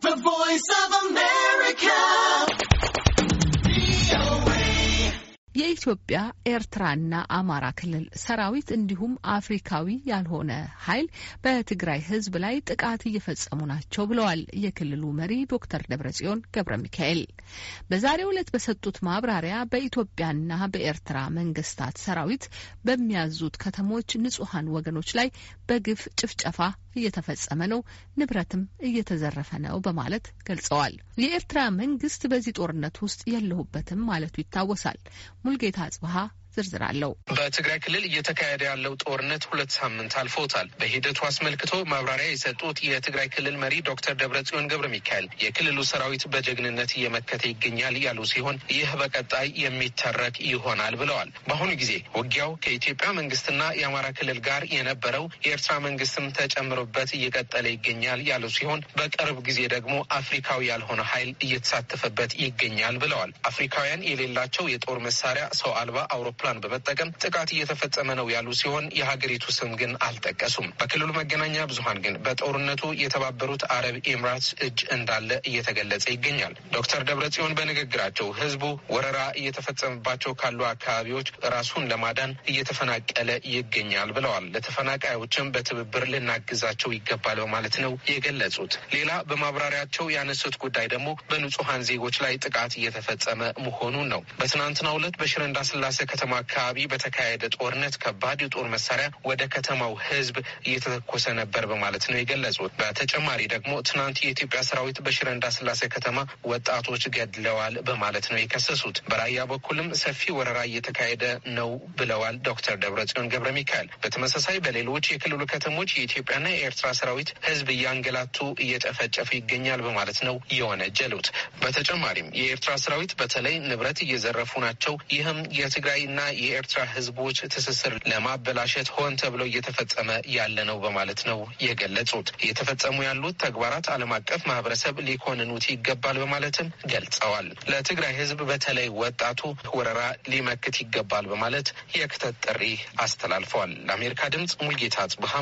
The Voice of America. የኢትዮጵያ ኤርትራና አማራ ክልል ሰራዊት እንዲሁም አፍሪካዊ ያልሆነ ኃይል በትግራይ ሕዝብ ላይ ጥቃት እየፈጸሙ ናቸው ብለዋል የክልሉ መሪ ዶክተር ደብረጽዮን ገብረ ሚካኤል በዛሬው ዕለት በሰጡት ማብራሪያ በኢትዮጵያና በኤርትራ መንግስታት ሰራዊት በሚያዙት ከተሞች ንጹሐን ወገኖች ላይ በግፍ ጭፍጨፋ እየተፈጸመ ነው፣ ንብረትም እየተዘረፈ ነው በማለት ገልጸዋል። የኤርትራ መንግስት በዚህ ጦርነት ውስጥ የለሁበትም ማለቱ ይታወሳል። ሙልጌታ አጽብሃ ዝርዝር አለው። በትግራይ ክልል እየተካሄደ ያለው ጦርነት ሁለት ሳምንት አልፎታል። በሂደቱ አስመልክቶ ማብራሪያ የሰጡት የትግራይ ክልል መሪ ዶክተር ደብረጽዮን ገብረ ሚካኤል የክልሉ ሰራዊት በጀግንነት እየመከተ ይገኛል ያሉ ሲሆን ይህ በቀጣይ የሚተረክ ይሆናል ብለዋል። በአሁኑ ጊዜ ውጊያው ከኢትዮጵያ መንግስትና የአማራ ክልል ጋር የነበረው የኤርትራ መንግስትም ተጨምሮበት እየቀጠለ ይገኛል ያሉ ሲሆን በቅርብ ጊዜ ደግሞ አፍሪካዊ ያልሆነ ኃይል እየተሳተፈበት ይገኛል ብለዋል። አፍሪካውያን የሌላቸው የጦር መሳሪያ ሰው አልባ አውሮፕላን አውሮፕላን በመጠቀም ጥቃት እየተፈጸመ ነው ያሉ ሲሆን የሀገሪቱ ስም ግን አልጠቀሱም። በክልሉ መገናኛ ብዙሀን ግን በጦርነቱ የተባበሩት አረብ ኤምራት እጅ እንዳለ እየተገለጸ ይገኛል። ዶክተር ደብረጽዮን በንግግራቸው ህዝቡ ወረራ እየተፈጸመባቸው ካሉ አካባቢዎች ራሱን ለማዳን እየተፈናቀለ ይገኛል ብለዋል። ለተፈናቃዮችም በትብብር ልናግዛቸው ይገባል በማለት ነው የገለጹት። ሌላ በማብራሪያቸው ያነሱት ጉዳይ ደግሞ በንጹሐን ዜጎች ላይ ጥቃት እየተፈጸመ መሆኑን ነው። በትናንትናው ዕለት በሽረ እንዳስላሴ ከተማ አካባቢ በተካሄደ ጦርነት ከባድ የጦር መሳሪያ ወደ ከተማው ህዝብ እየተተኮሰ ነበር በማለት ነው የገለጹት። በተጨማሪ ደግሞ ትናንት የኢትዮጵያ ሰራዊት በሽረ እንዳስላሴ ከተማ ወጣቶች ገድለዋል በማለት ነው የከሰሱት። በራያ በኩልም ሰፊ ወረራ እየተካሄደ ነው ብለዋል ዶክተር ደብረጽዮን ገብረ ሚካኤል። በተመሳሳይ በሌሎች የክልሉ ከተሞች የኢትዮጵያና የኤርትራ ሰራዊት ህዝብ እያንገላቱ እየጨፈጨፉ ይገኛል በማለት ነው የወነጀሉት። በተጨማሪም የኤርትራ ሰራዊት በተለይ ንብረት እየዘረፉ ናቸው፣ ይህም የትግራይና የኤርትራ ህዝቦች ትስስር ለማበላሸት ሆን ተብሎ እየተፈጸመ ያለ ነው በማለት ነው የገለጹት። እየተፈጸሙ ያሉት ተግባራት ዓለም አቀፍ ማህበረሰብ ሊኮንኑት ይገባል በማለትም ገልጸዋል። ለትግራይ ህዝብ በተለይ ወጣቱ ወረራ ሊመክት ይገባል በማለት የክተት ጥሪ አስተላልፈዋል። ለአሜሪካ ድምጽ ሙልጌታ ጽቡሃ